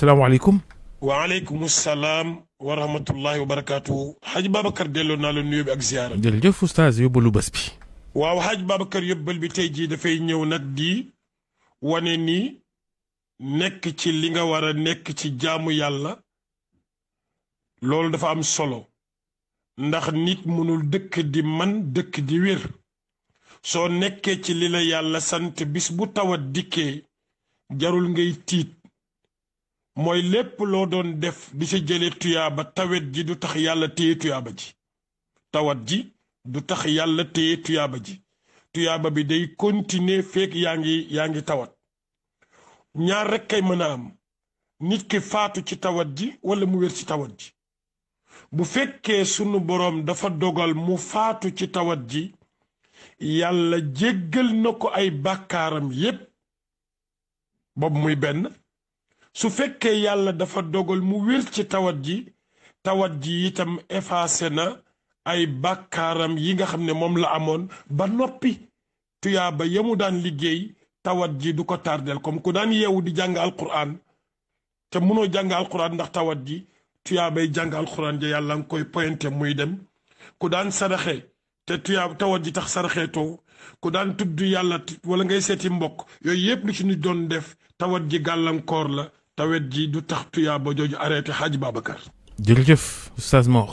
salaamaaleykum. waaleykum salaam wa rahmatullahi wa barakaatu. Hadj Babacar delloo naa la nuyoo bi ak ziyaara. jërëjëf oustaz yóbbalu bés bi. waaw Hadj Babacar yóbbal bi tey jii dafay ñëw nag di wane ni nekk ci li nga war nekk ci jaamu yàlla loolu dafa am solo ndax nit mënul dëkk di man dëkk di wér soo nekkee ci lila yàlla sant bis bu tawat dikkee jarul ngay tiit. mooy lépp loo doon def di ci jële tuyaaba tawet ji du tax yàlla téye tuyaaba ji tawat ji du tax yàlla téye tuyaaba ji tuyaaba bi day continuer feek yaa ngi yaa ngi tawat ñaar rekk kay mën a am nit ki faatu ci tawat ji walla mu wér ci tawat ji bu fekkee sunu boroom dafa dogal mu faatu ci tawat ji yàlla jéggal na ko ay bàkkaaram yépp boobu muy benn su fekkee yàlla dafa dogal mu wér ci tawat ji tawat ji itam effacé na ay bàkkaaram yi nga xam ne moom la amoon ba noppi tuyaaba ya mu daan liggéey tawat ji du ko tardel comme ku daan yeewu di jàng alquran te mënoo jàng alquran ndax tawat ji tuyaabay jàng alquran ja yàlla nga koy pointé muy dem ku daan saraxe te tuyaab tawat ji tax saraxeetoo ku daan tudd yàlla wala ngay seeti mbokk yooyu yépp lu ci nit doon def tawat ji gàllankoor la tawet ji du tax tuyaa ba jooju arrêté xaaj Babacar. jërëjëf Oustaz Mor.